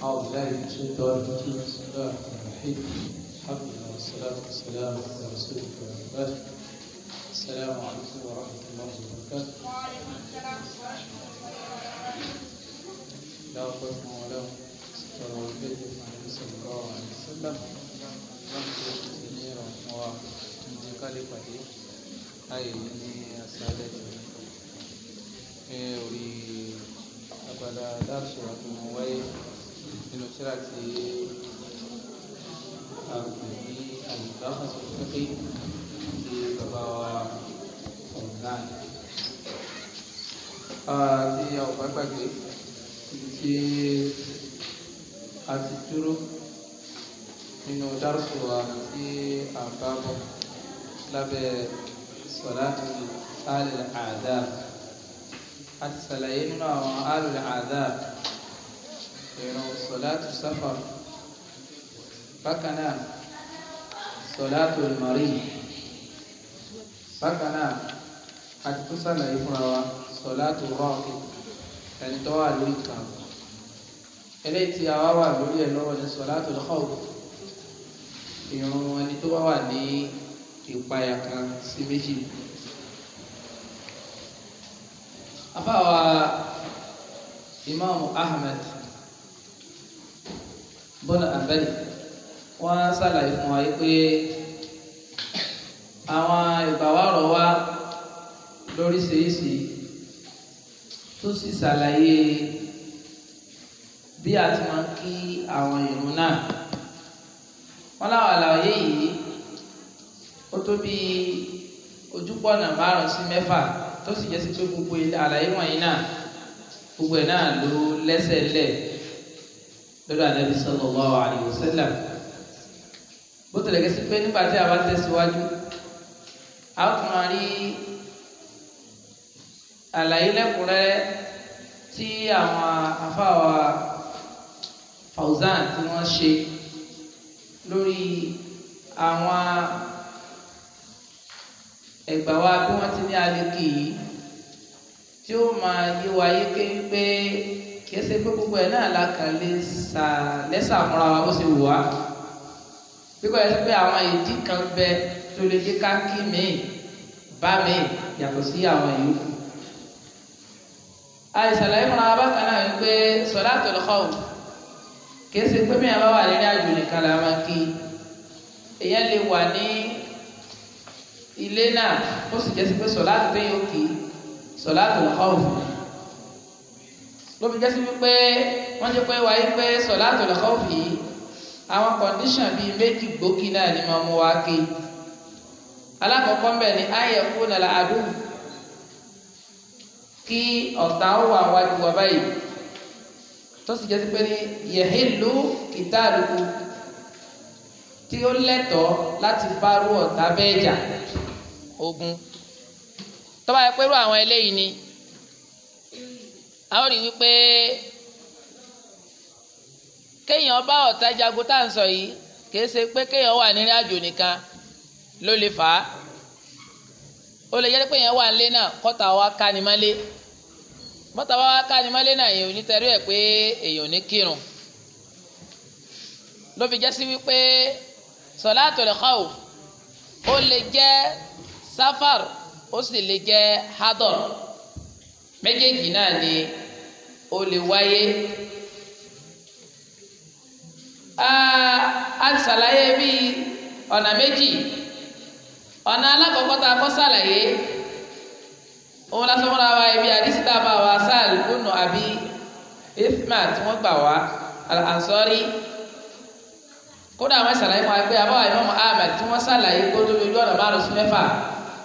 أعوذ بالله من الشيطان الرجيم بسم الله الرحمن الرحيم الحمد لله والصلاة والسلام على رسول الله السلام عليكم ورحمة الله وبركاته وعليكم السلام ورحمة الله وبركاته لا قوة ولا قوة ستر والبيت عن صلى الله عليه وسلم رحمة الله وعلى آله ayé ní asálẹ̀ ní orí abala dáṣọ àtúnwáyé nínú tíra ti àgbẹ̀ní àlùdáhùn pẹ́pẹ́ ti bàbá wa ọ̀nà àti ọ̀pá gbàgbé tí a ti dúró nínú dárúkọ wa tí a bá bọ̀ lábẹ́ sọ̀láàtì alìlàdá a ti sàlàyé nínú àwọn alìlàdá. ìrun sọ̀látù sáfà bákan náà sọ̀látù mọ̀rí bákan náà àti tó sàlàyé fúnra wa sọ̀látù rọ́ọ̀kì ẹni tó wà lórí kan eléyìí tí a wá wà lórí ẹ̀ lọ́wọ́ ní sọ̀látù lọ́kọ̀ọ́ ìrun ẹni tó wá wà ahmed bọ́nà àbẹ́lì wọ́n ṣàlàyé fún wa yìí pé àwọn ìbáwárọ̀ wa lóríṣiríṣi tó sì ṣàlàyé bí a ti máa ń kí àwọn ìrun náà wọ́n láwọn àlàyé yìí ó tó bí ojúpọ̀nà márùn-ún sí mẹ́fà tó sì jẹ́ sí pé gbogbo àlàyé wọ̀nyí náà gbogbo ẹ̀ náà ló lẹ́sẹ̀ lẹ̀ lọ́dọ̀ ànábi sallallahu alayhi wa sallam bó tilẹ̀ gẹ́sí pé nígbà tí a bá tẹ̀síwájú a ó tún rí àlàyé lẹ́kùnrẹ́rẹ́ tí àwọn afáwa Fawzan tí wọ́n ṣe lórí àwọn ẹgbà wa bí wọ́n ti ní alẹ́ kì í tí ó máa yé wa yé kéwí pé kìí ṣe pé gbogbo ẹ náà la kàn lè sà lẹ́sà fúnra wa bó ṣe wù wá bíkọ́ ẹ pé àwọn ìdí kan bẹ tó lè dé ká kí mi bá mi yàtọ̀ sí àwọn ìyókù. àìsàlàyé fúnra wa bákan náà wípé solatul khawf kìí ṣe pé bíyànjú wà lórí àjò nìkan la máa kí èèyàn lè wà ní ilé náà ó sì jẹ́ sí pé solatul téèyàn kì í solatul khawf ló fi jẹ́sí wípé wọ́n jẹ́ pé wáyé pé sọ̀láàtùl khawfi àwọn kọ̀ǹdíṣàn bíi méjì gbòógì náà ni máa mú wa ké alákọ̀ọ́kọ́ ń bẹ̀ ni ayẹ̀kú nàlà àdúù kí ọ̀tá ó wà wájú wa báyìí tó sì jẹ́sí pé ní yẹ̀hìlú kìtàlùkù tí ó lẹ́tọ̀ọ́ láti bárú ọ̀tá bẹ́ẹ̀ jà ogun tó yẹ pé irú àwọn eléyìí ni a ó rí wípé kéèyàn bá ọ̀tá jagun tá à ń sọ yìí kìí ṣe pé kéèyàn wà nírìn àjò nìkan ló lè fà á ó lè jẹ́ pé èèyàn wà nílé náà kọ́ta wa ká ni mọ́lé bọ́ta wa ká ni mọ́lé náà èèyàn ò ní tẹ̀rí ẹ̀ pé èèyàn ò ní kírun ló fi jẹ́ sí wípé sọ̀látùl khawf ó lè jẹ́ sáfàr ó sì lè jẹ́ hádọ̀r méjèèjì náà ni ó lè wáyé a ti ṣàlàyé bí ọ̀nà méjì ọ̀nà alákọ̀ọ́kọ́ tá a kọ́ ṣàlàyé òun la sọ fúnra wa ibi àdísí tá a bá wa sáàlù gbónà àbí ifma tí wọ́n gbà wá àǹsọ́rí kódà àwọn ìṣàlàyé wọn pé àbáwá ìmọ̀mù ahmed tí wọ́n ṣàlàyé kó tó lójú ọ̀nà márùn-ún sí mẹ́fà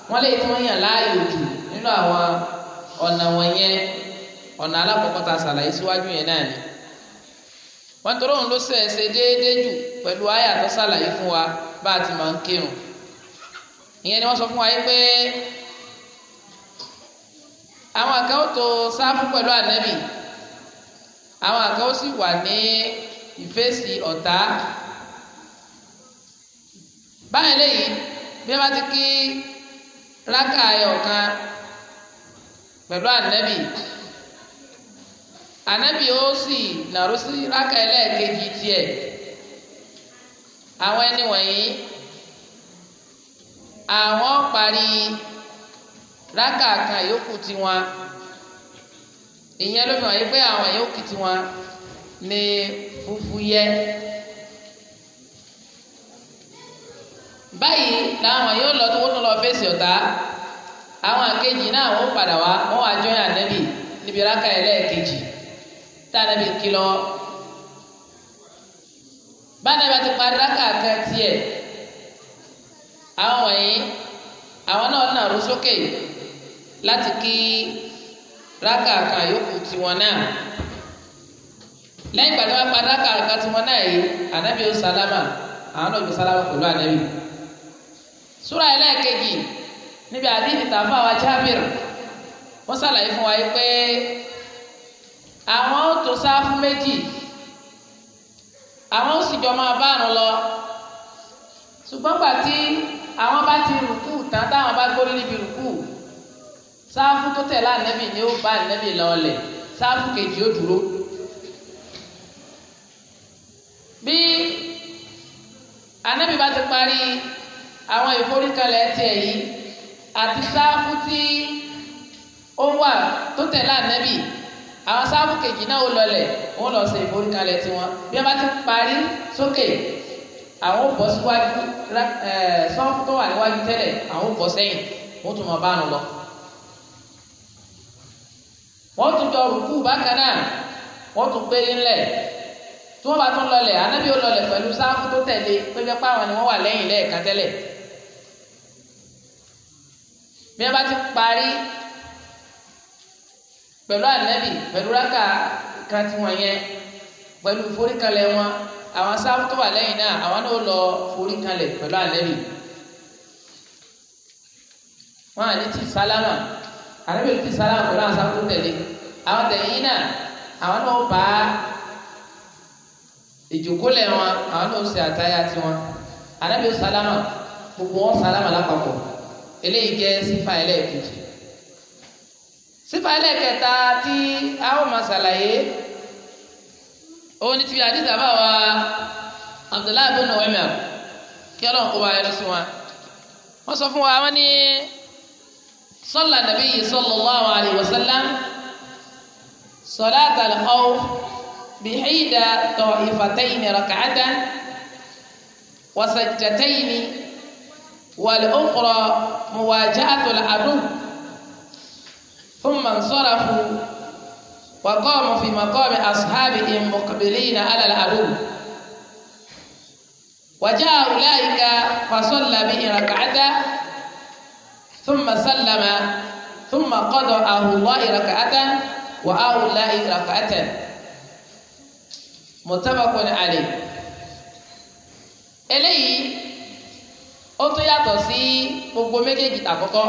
wọ́n lè tí wọ́n yàn láàyò jù nínú àwọn. ọ̀nà wọ̀nyẹn ọ̀nà alákọ̀ọ́kọ́ ta ṣàlàyé síwájú yẹn náà ni wọ́n tọrọ òun ló ṣe é ṣe jù pẹ̀lú àyà tó ṣàlàyé fún wa bá a ti máa ń kírun ìyẹn ni wọ́n sọ fún wa yìí pé àwọn àkàn tó sáfù pẹ̀lú ànẹ́bì àwọn àkàn sì wà ní ọ̀tá báyìí lẹ́yìn bí wọ́n bá ti kí rákà ayọ̀ kan. pẹ̀lú ànábì ànábì ó sì nàró sí rákà ẹlẹ́ẹ̀kejì tiẹ̀ àwọn ẹni wọ̀nyí àwọn parí rákà kan yòókù tiwọn ìyẹn ló fi hàn yín pé àwọn yòókù tiwọn ní fúfú yẹ. báyìí làwọn yóò lọ tó wọ́n lọ fèsì àwọn àkejì náà wọ́n padà wá wọ́n wá jọyìn ànábì níbi rákà ẹlẹ́ẹ̀kejì tá ànábì kìlọ̀ báńdà bá ti parí rákà kan tiẹ̀ àwọn wọ̀nyí àwọn náà nàró sókè láti kí rákà kan yòókù tiwọn náà lẹ́yìn ìgbà tí wọ́n parí rákà kan tiwọn náà yìí ànábì ó sálámà àwọn náà ó sálámà pẹ̀lú ànábì súrà ẹlẹ́ẹ̀kejì níbi àdéhìí tá a fún àwa jábìr wọ́n ṣàlàyé fún wa yìí pé àwọn ó tó sáfù méjì àwọn ó sì jọ máa bá àrùn lọ ṣùgbọ́n gbà tí àwọn bá ti rùkú tán táwọn bá gbórí níbi rùkú sáfù tó tẹ̀lé ànẹ́bì ni ó bá ànẹ́bì lọ́ọ̀lẹ̀ sáfù kejì ó dúró. bí ànẹ́bì bá ti parí àwọn ìforíkalẹ̀ tiẹ̀ yìí àti sáfù tí ó wà tó tẹ̀lé ànábì àwọn sáfù kejì náà ó lọlẹ̀ wọ́n lọ ṣe ìforíkalẹ̀ tiwọn bí wọ́n bá ti parí sókè àwọn ò bọ́ síwájú sọ́ọ̀fù tó wà níwájú tẹ́lẹ̀ àwọn ò bọ́ sẹ́yìn wọ́n tún mọ̀ bá lọ. wọ́n tún jọ rùkú bákan náà wọ́n tún gbé ńlẹ̀ tí wọ́n bá tún lọlẹ̀ ànábì ó lọlẹ̀ pẹ̀lú sáfù tó tẹ̀lé pé pé pàwọn ni wọ́n wà lẹ́yìn lẹ́ẹ̀kan tẹ́lẹ̀ bí wọ́n bá ti parí pẹ̀lú ànábì pẹ̀lú rákà kan tí wọ́n yẹn pẹ̀lú foríkalẹ̀ wọn àwọn sáà tó wà lẹ́yìn náà àwọn náà lọ foríkalẹ̀ pẹ̀lú ànábì wọn àní ti sálámà ànábì ti sálámà pẹ̀lú àwọn sáà tó tẹ̀lé àwọn tẹ̀yìn náà àwọn náà bá ìjókòlẹ̀ wọn àwọn náà ṣe àtayá tiwọn ànábì sálámà gbogbo wọn sálámà lápapọ̀ eléyìí jẹ́ sífà ẹlẹ́ẹ̀kejì sífà ẹlẹ́ẹ̀kẹta tí a ó máa ṣàlàyé òun ni ti àdìsá bá wa Abdullahi bin Umar kí ọlọ́run kó bá yẹn sí wọn wọ́n sọ fún wa wọ́n ní sọ́là nàbí yìí sallallahu alaihi wasallam sọ́láàtà lọ́wọ́ bìhídà tọ̀ ìfàtẹ́yìn rak'atan wasajjatayn. والأخرى مواجهة العدو ثم انصرفوا وقاموا في مقام أصحابهم مقبلين على العدو وجاء أولئك فصلى به ركعة ثم سلم ثم قضى الله ركعة وأولئك ركعة متفق عليه إليه ó tún yàtọ̀ sí gbogbo méjèèjì àkọ́kọ́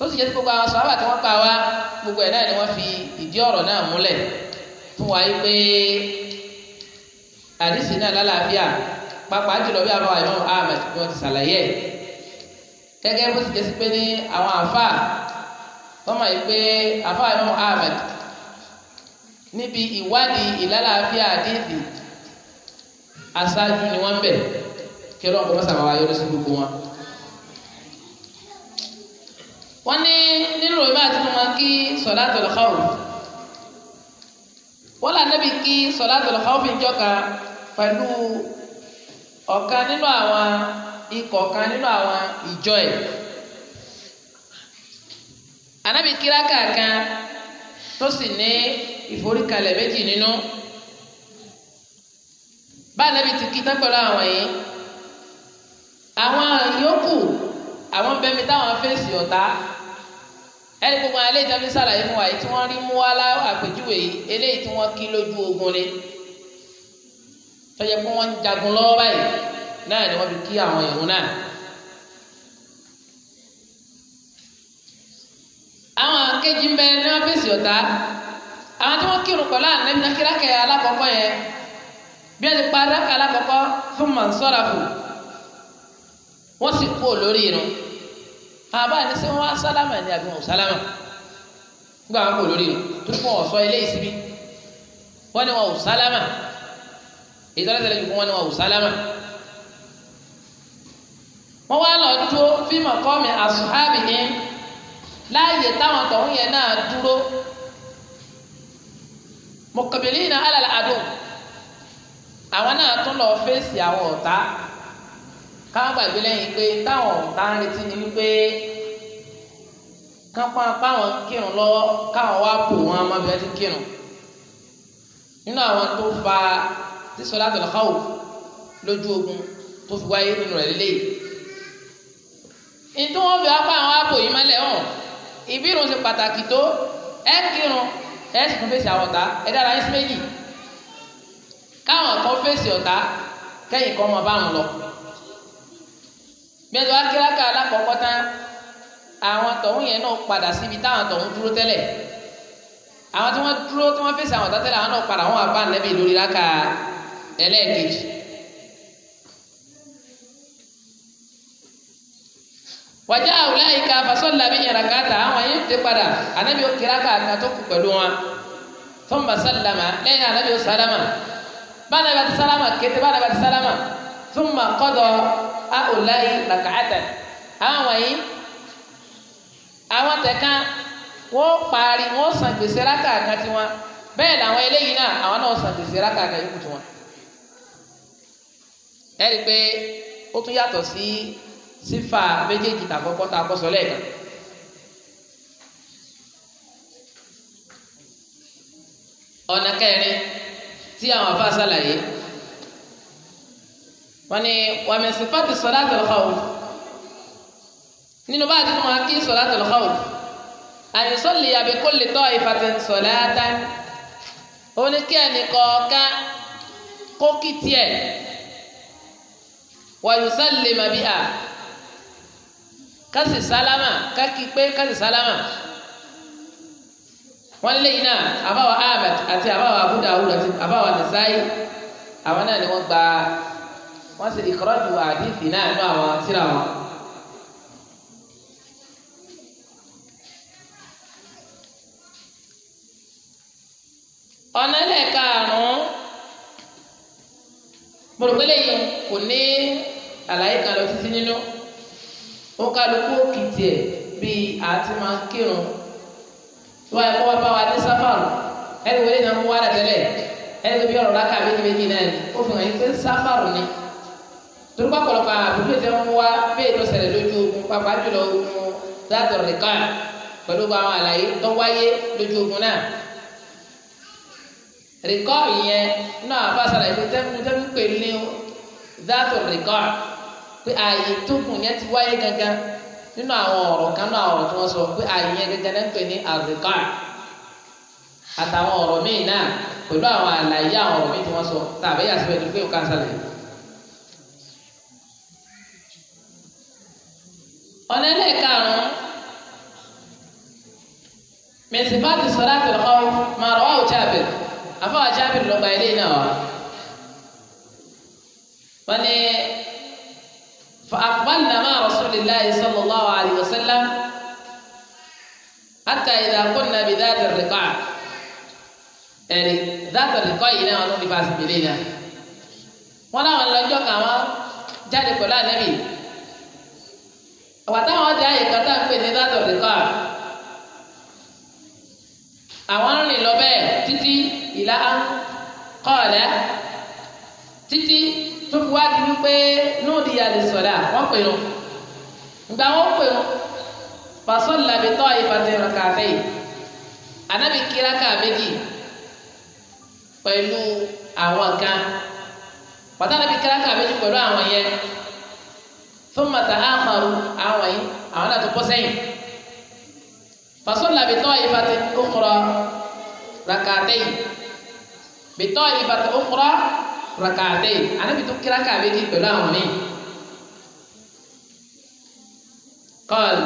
ó sì jẹ́ sí gbogbo àwọn sọ̀rọ̀ àti wọ́n pa wá gbogbo ẹ̀ náà ni wọ́n fi ìdí ọ̀rọ̀ náà múlẹ̀ fún wa pé àdìsí náà lálàáfíà pàápàá jùlọ bí àwọn àìmọ́ Ahmed ni wọ́n ti ṣàlàyé ẹ̀ gẹ́gẹ́ bó sì jẹ́ sí pé ní àwọn àfáà wọ́n mọ̀ pé àfáà àìmọ́ Ahmed níbi ìwádìí ìlálàáfíà àdìsí aṣáájú ni wọ́n bẹ̀ kí ọlọ́run kọ́ sábà wá yọrí sí gbogbo wọn. wọ́n ní nínú ìmọ̀ àti fún wọn kí solatul khawf wọ́n là níbi kí solatul khawf fi jọ́ka pẹ̀lú ọ̀kan nínú àwọn ikọ̀ kan nínú àwọn ìjọ ẹ̀. Ànábì kíráka kan tó sì ní ìforíkalẹ̀ méjì nínú. Bá Ànábì ti kí tán àwọn yìí. àwọn yòókù àwọn bẹ̀mí táwọn fèsì ọ̀tá ẹni gbogbo àwọn eléyìí tẹ́lẹ̀ sàlàyé fún wa yìí tí wọ́n rí mú wá lá àpèjúwe yìí eléyìí tí wọ́n kí lójú ogun ni tọ́jà pé wọ́n jagun lọ́wọ́ báyìí náà ni wọ́n fi kí àwọn náà. àwọn akéjì ń bẹ ní fèsì ọ̀tá àwọn tí wọ́n kírun pẹ̀lú alákọ̀ọ́kọ́ yẹn bí wọ́n ti pa wọ́n sì kú olórí irun àbá ní sẹ́ wọ́n wá sálámà ni àbí wọn ò sálámà nígbà wọn kú olórí irun tó fún ọ̀sọ́ ilé ìsinmi wọ́n ní wọn ò sálámà ìtọ́lẹ́sẹ̀lẹ́ jù fún wọn ní wọn ò sálámà wọ́n wá lọ dúró fíìmù ọkọ àṣùhábì ní láàyè táwọn tọ̀hún yẹn náà dúró mọ̀kàbìlì náà alàlà àdó àwọn náà tún lọ fèsì àwọn ọ̀tá káwọn gbàgbé lẹ́yìn pé táwọn ọ̀tá ń retí ni wípé kápá káwọn kírun lọ́wọ́ káwọn wá pò wọn amábíyá ti kírun nínú àwọn tó fa tí sọlátul khawf lójú ogun tó fi wáyé nínú rẹ̀ lélẹ́yìí nítorí wọn fi apá àwọn àpò yìí mọ́lẹ̀ hàn ìbírun ṣe pàtàkì tó ẹ kírun ẹ sì tún fèsì àwọn ẹ dára ẹ sí méjì káwọn kan fèsì ọ̀tá kẹ́yìn kan máa bá wọn lọ gbẹdọ akéraka alákọọkọ tán àwọn tọ̀hún yẹn náà padà síbi táwọn tọ̀hún dúró tẹ́lẹ̀ àwọn tí wọ́n dúró tí wọ́n fèsì àwọn tátẹlẹ àwọn náà padà wọn wà bá nẹbi lórí laka ẹlẹ́ẹ̀kejì. wàjà àwùlá yìí ká fasọ́lá bí yàrá káta àwọn yẹn ti padà anabi kéraka kan tó kù pẹ̀lú wọn tó ń bá sálámà lẹ́yìn anabi ó sálámà bá anabi àti sálámà kété bá anabi àti sálámà tó ń bá kọ́dọ̀ a ò láyé làkàtà àwọn wọ̀nyí àwọn tẹ̀kan wọ́n parí wọ́n san gbèsè rákàkà tiwọn bẹ́ẹ̀ làwọn eléyìí náà àwọn náà san gbèsè rákàkà yòókù tiwọn. ẹ rí pé ó tún yàtọ̀ sí sífà méjèèjì tàkọ́kọ́ tá a kọ́ sọ lẹ́ẹ̀kan. ọ̀nà kẹrin tí àwọn afa ṣàlàyé wọ́n ní wàmí sífàtì sọ̀látùl khawf nínú bá a ti tún wọn kí sọ̀látùl khawf àyùsọ̀lì àbíkólì tọ́ ìfàtì sọ̀látàn ó ní kí ẹnìkọ̀ọ̀kan kó kí tiẹ̀ wàyùsọ̀lì màbíà kasi salama kaki pe kasi salama wọn lé iná àbáwá ahmed àti àbáwá abu dawud àti àbáwá nisai àwọn náà ni wọn gba wọ́n ṣe ìkọ́rọ́jù àdìsí náà nínú àwọn tíra wọn. ọ̀nà ẹlẹ́ẹ̀karùn-ún mọ̀rọ̀gbẹ́lẹ̀ yìí kò ní àlàyé kan lọ títí nínú ó kálukú òkìtì ẹ̀ bíi àti máa ń kírun wọ́n ẹ̀kọ́ wá bá wa ní sáfàrù ẹni wọlé náà mú wá dàtẹ́lẹ̀ ẹni ọ̀rọ̀ lákàbí níbi náà ó fi hàn yín pé sáfàrù ni torí pàpọ̀lọpọ̀ àbúrò ìfẹ́ mú wa bẹ́ẹ̀ tó ṣẹlẹ̀ lójú ogun pàpà jùlọ ogun látọ̀ nìkan pẹ̀lú àwọn àlàyé tó wáyé lójú ogun náà. rìkọ́ ìyẹn náà àbá ṣàlàyé pé tẹ́kùn tẹ́kùn pè ní látọ̀ nìkan pé ààyè tó gùn yẹn ti wáyé gangan nínú àwọn ọ̀rọ̀ kan náà ọ̀rọ̀ tí wọ́n sọ pé ààyè yẹn gangan náà ń pè ní àrìkọ́ àtàwọn ọ̀rọ̀ míì náà pẹ̀lú àwọn àlàyé àwọn ọ̀rọ̀ míì tí wọ́n sọ tàbí àṣìwẹ̀ ní pé ò ọ̀nà ẹlẹ́ẹ̀karùn-ún mẹsìfàtì sọláàtì lọ́kọ́ máa rọ̀ wáwù jábìr àfọwà jábìr lọ́gbà ilé náà wá. wọ́n ní فأقبلنا مع رسول الله صلى الله عليه وسلم حتى إذا كنا بذات الرقاع يعني ذات الرقاع إلى أن نفاس بلينا ولا أن لجوك أما جاري كلا نبي àwọn táwọn ọdẹ àyè kan tá à ń pè ní dátọ̀ dìkọ́ à àwọn ń rìn lọ bẹ́ẹ̀ títí ìlà kọ́ ọ̀lẹ́ títí tó fi wá di wípé nóòdì yàrá ìsọ̀dà wọ́n pè wọn ìgbà wọn pè wọn pàṣọ làbẹ̀tọ́ ìfàtẹ̀rọ̀ kàtẹ́yì anabi kiraka méjì pẹ̀lú àwọn kan pàtàkì kiraka méjì pẹ̀lú àwọn yẹn fún màtà àmàrú àwọn yìí àwọn náà tó bọ́ sẹ́yìn fasọ́nà bìtọ́ ìfàtí òkúrọ̀ rakàtẹ́yìn bìtọ́ ìfàtí òkúrọ̀ rakàtẹ́yìn ànábì tó kíra káàbí di pẹ̀lú àwọn míì kọ́ọ̀lù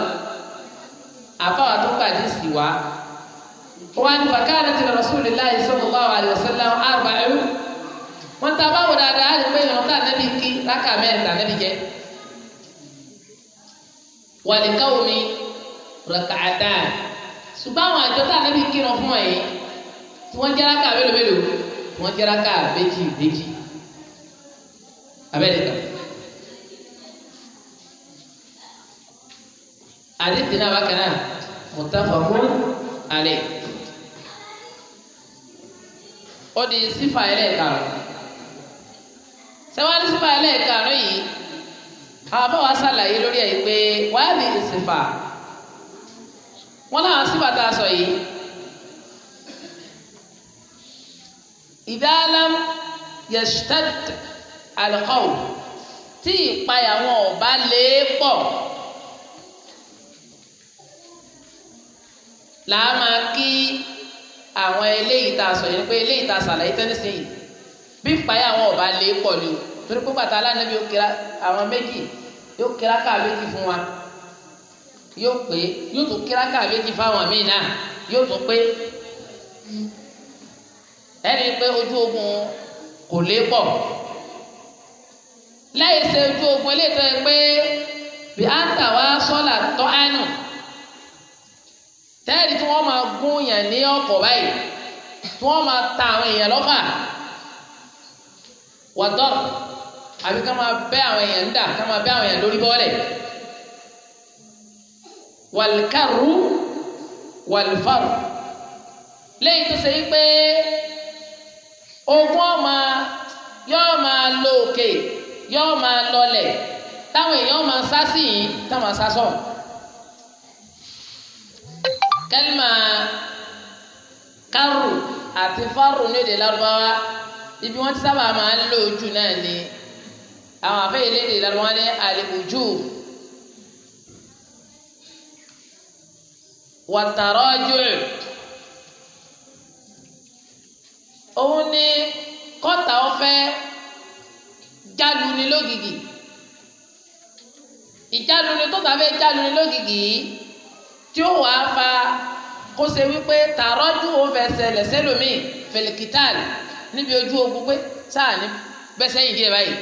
àfọwọ́ tó gbàdí sí wa wọn ni wàkàrà ti rasulillahi sallallahu alaihi wasallam arba'u wọn ta báwo dáadáa á lè pé ìrántá ànábì kí rákà mẹ́ta ànábì jẹ́ wàlíkàwọ́ mi rakaata ṣùgbọ́n àwọn àjọ tá a nàbí kírun fún ẹ̀ tí wọ́n jẹ́ raka mélòó mélòó wọ́n jẹ́ raka méjì méjì abẹ́ẹ̀dẹ́ka. àdìsí náà bákan náà mutafaqun di sífà ẹlẹ́ẹ̀karùn-ún sẹ́wọ́n sífà ẹlẹ́ẹ̀karùn-ún yìí àwọn bá wa ṣàlàyé lórí ẹ̀ pé wàá bí ìsìnfà wọn náà síbà tá a sọ yìí ìdáàlám yashtad alqaw tí ìpayà wọn ò bá lè pọ̀ làá kí àwọn eléyìí tá a sọ yìí pé eléyìí tá a ṣàlàyé tẹ́lẹ̀ sí yìí bí ìpayà wọn ò bá lè pọ̀ ni o torí pé bàtà alánàbí yóò kíra àwọn méjì yóò kíra káà méjì fún wa yóò pé yóò tún kíra káà méjì fáwọn míì náà yóò tún pé ẹni pé ojú ogun kò lè pọ̀ lẹ́yìn ṣe ojú ogun eléyìí tó yẹ pé bí a ń tà wá sọ́là tọ́ àánú tẹ́ẹ̀dì tí wọ́n máa gún yàn ní ọkọ̀ báyìí tí wọ́n máa ta àwọn èèyàn lọ́fà wàdọ́rọ̀ àbí ká máa bẹ́ àwọn èèyàn ń dà ká máa bẹ́ àwọn èèyàn lórí bọ́ọ̀lẹ̀ wàlìkàrú wàlìfàrú lẹ́yìn tó ṣe pé ogun ọmọ yóò máa lo òkè yóò máa lọlẹ̀ táwọn èèyàn máa sá sí yìí táwọn sá sọ̀ kẹ́lìmà kárù àti fárù ní èdè lárúbáwá ibi wọ́n ti sábà máa ń lò jù náà ni àwọn àfẹ́ elédè làwọn ní àlùjù wàtàrọ́jù òun ni kọ́tà ọ̀fẹ́ jálu ni lógìgì ìjálu ni kọ́tà ọ̀fẹ́ jálu ni lógìgì yìí tí ó wàá fa kó ṣe wípé tàrọ́jù ó fẹsẹ̀ lẹ́sẹ̀ lómi fẹ̀lẹ̀kìtàlì níbi ojú ogun pé sáà ní bẹ́sẹ̀ yìí díẹ̀ báyìí.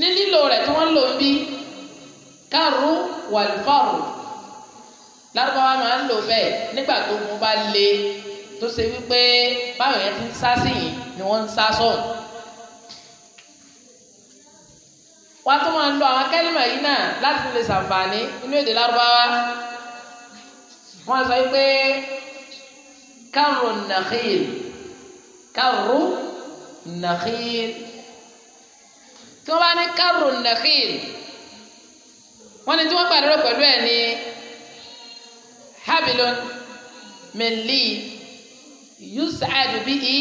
ní lílo rẹ̀ tí wọ́n ń lò ń bí kárù wàlúfàrù lárúbáwá máa ń lò bẹ́ẹ̀ nígbà tó mo bá le tó ṣe wípé báwọn yẹn ti ń sá sí yìí ni wọ́n ń sá sọ̀hún. wọ́n á tún máa lo àwọn kẹ́límà yìí náà láti lè ṣàǹfààní inú èdè lárúbáwá wọ́n sọ wípé kárù nàkìl kárù nàkìl tí wọ́n bá ní kárùn nàkìl wọ́n ní tí wọ́n gbàdúrà pẹ̀lú ẹ̀ ní habilon mẹ́lì yusaadu bihi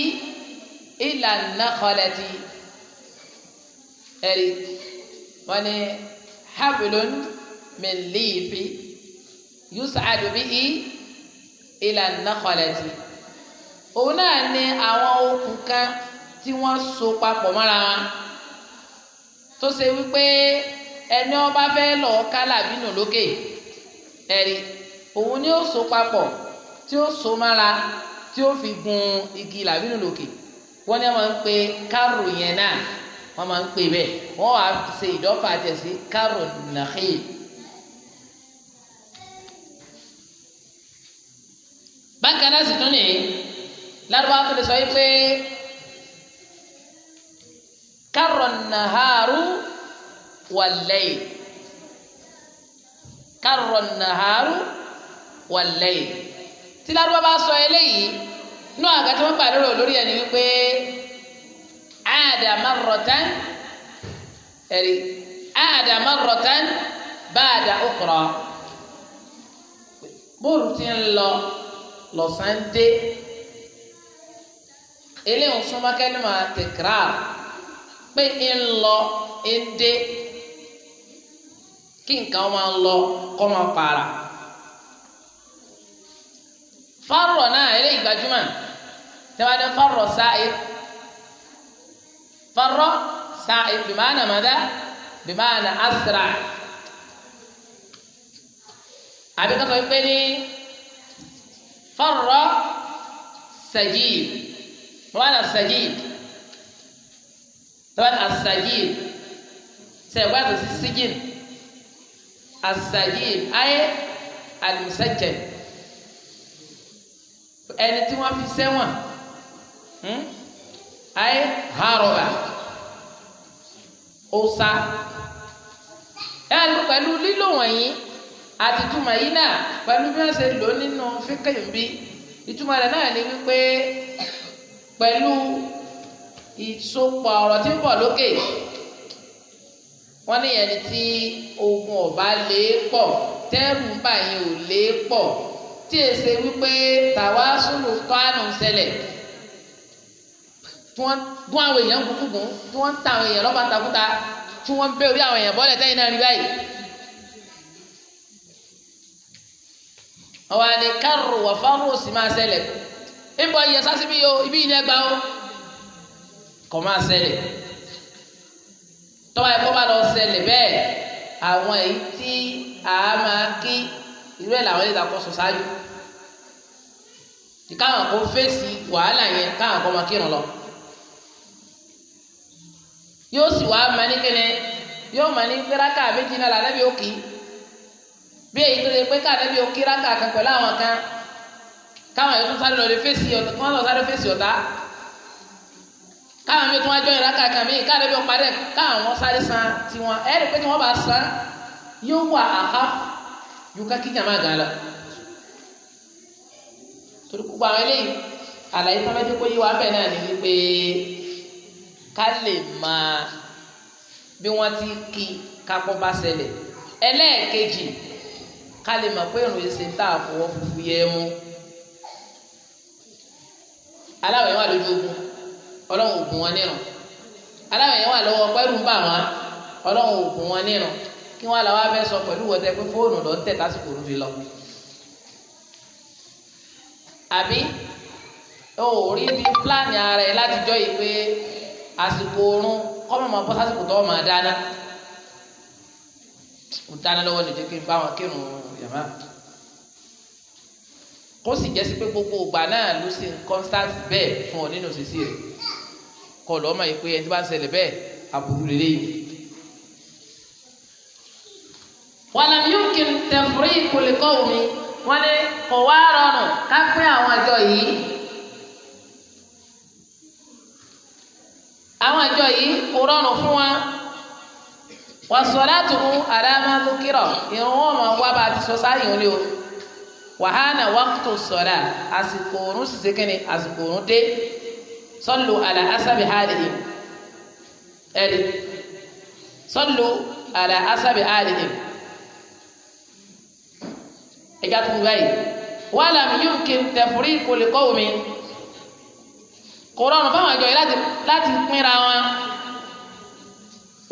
ila nakhalati ẹ̀rí wọ́n ní habilon mẹ́lì fi yusaadu bihi ila nakhalati òun náà ní àwọn okùn kan tí wọ́n so papọ̀ mọ́ra wọn tó ṣe wípé ẹni ọba fẹ́ lọ kálà bínú lókè ẹ̀rí òun ni ó so papọ̀ tí ó so mára tí ó fi gun igi làbínú lókè wọ́n ní wọ́n máa ń pe kárò yẹn náà wọ́n máa ń pè bẹ́ẹ̀ wọ́n wàá ṣe ìdọ́fà àtẹ̀sí kárò nàxíì. bákan náà sì tún ní lárúbáwá tó lè sọ yìí pé kárò nàhàá wàlẹ́yìn kárọ̀ nàárù wàlẹ́yìn tí ládùúgbò bá sọ eléyìí náà àgbà tí wọ́n gbà lérò lórí ẹni wípé àdàmà rọ̀tán ẹ̀rí àdàmà rọ̀tán báàdà òkùrọ̀ bóòlù ti ń lọ lọ́sàn-án dé eléyìí ń súnmọ́ kẹ́lí máa tẹ̀kírà pé ń lọ ń dé kí nǹkan máa ń lọ kọ́ máa para. fárọ̀ náà eléyìí gbajúmọ̀ tẹ́wájú fárọ̀ sáì fárọ̀ sáì bìmánà mọ́dá bìmánà asra àbí kọ́kọ́ pé ní fárọ̀ sajib bìmánà sajib tẹ́wájú asajib sẹ́yìn wáyà tó sí sígìn. asajib ayé alimusajẹ ẹni tí wọn fi sẹ́wọ̀n hmm? ayé haroba ọsà ẹni pẹ̀lú lílo wọ̀nyí àti túmọ̀ yìí náà pẹ̀lú bí wọn ṣe lò nínú náà ni wípé pẹ̀lú ìsopọ̀ ọ̀rọ̀ tí lókè wọ́n ní ẹni tí ogun ọ̀bá lé pọ̀ tẹ́rù ń bà yín ò lé pọ̀ tí è ṣe wípé tàwa sùnù kánù ṣẹlẹ̀ tí wọ́n gún àwọn èèyàn gúngún tí wọ́n ń ta àwọn èèyàn lọ́ba takuta tí wọ́n ń bẹ́ orí àwọn èèyàn bọ́lẹ̀ tẹ́yìn náà rí báyìí. àwọn àni kárò wà fáwọn òsì máa ṣẹlẹ̀ ń bọ ìyẹn sásìbí yìí o ibi ìlẹ́gbàá o kò máa ṣẹlẹ̀ tọ́wọ́ ẹ̀kọ́ bá lọ ṣẹlẹ̀ bẹ́ẹ̀ àwọn èyí tí a máa kí irú ẹ̀ làwọn ẹ̀dá kọ́ sọ ṣáájú káwọn kò fèsì wàhálà yẹn káwọn kò máa kírun lọ yóò sì wá máa ní kíni yóò máa ní kíráka méjì náà là lẹ́bi òkì bí èyí tó lè pé ká lẹ́bi òkì ráka kan pẹ̀lú àwọn kan káwọn yóò tún sáré lọ lè fèsì ọ̀tá káwọn lọ sáré fèsì ọ̀tá káwọn mi tún wá jọ ìrákà kàmí káwọn ẹbí ọ̀pá rẹ̀ káwọn sáré san tiwọn ẹ̀rí pé tí wọ́n bá san yóò wà áhá yóò ká kí jàmá gan la torí gbogbo àwọn eléyìí àlàyé tó bá dé kó yí wa bẹ́ẹ̀ náà ni wípé ká lè máa bí wọ́n ti kí kápọ́ bá ṣẹlẹ̀ ẹlẹ́ẹ̀kejì ká lè mọ̀ pé ìròyìn ṣe ń tà fọwọ́ funfun yẹ mú aláwọ̀ yẹn wà lójú ogun ọlọ́run ògùn wọn nírun aláwọ̀ yẹn wà lọ́wọ́ pẹ́rù ń bà wọ́n ọlọ́run ògùn wọn nírun kí wọ́n làwọn abẹ́ sọ pẹ̀lú wọ́tẹ́ pé fóònù ló ń tẹ̀ tásìkò òru fi lọ. àbí o ò rí bí pílánì ara ẹ láti jọ yìí pé àsìkò oorun kọ́mọ̀ máa bọ́ sásìkò tó máa dáná mo dáná lọ́wọ́ lè jẹ́ kí n bá wọn kírun yàrá kó sì jẹ́ sí pé gbogbo ìgbà náà ló ṣe constant bẹ́ẹ̀ fún ọ nínú òṣìṣẹ́ rẹ̀ kọ lọ́ọ́ máa yẹ pé ẹni tí bá ń ṣẹlẹ̀ bẹ́ẹ̀ aburú lélẹ́yìn. wàlám yóò kí n tẹ̀fúrí ìkólẹ́kọ́ omi wọ́n ní kò wá rọrùn ká pín àwọn àjọ yìí. àwọn àjọ yìí kò rọrùn fún wa wàsọ̀lá tùmú àdámánú kírọ̀ ìrún wọn máa wá bá a ti sọ sáyìn òní o wàhánà wàkútù sọ̀lá àsìkò òórùn sì ṣe àsìkò òórùn dé sọ́lù àlà asábì àdìhì ẹ̀rí sọ́lù àlà asábì àdìhì ẹ̀já tó ń báyìí wàhálà mi yóò kí n tẹ̀fúrí kòlíkọ́ omi kò rọrùn fáwọn àjọ yìí láti pínra wọn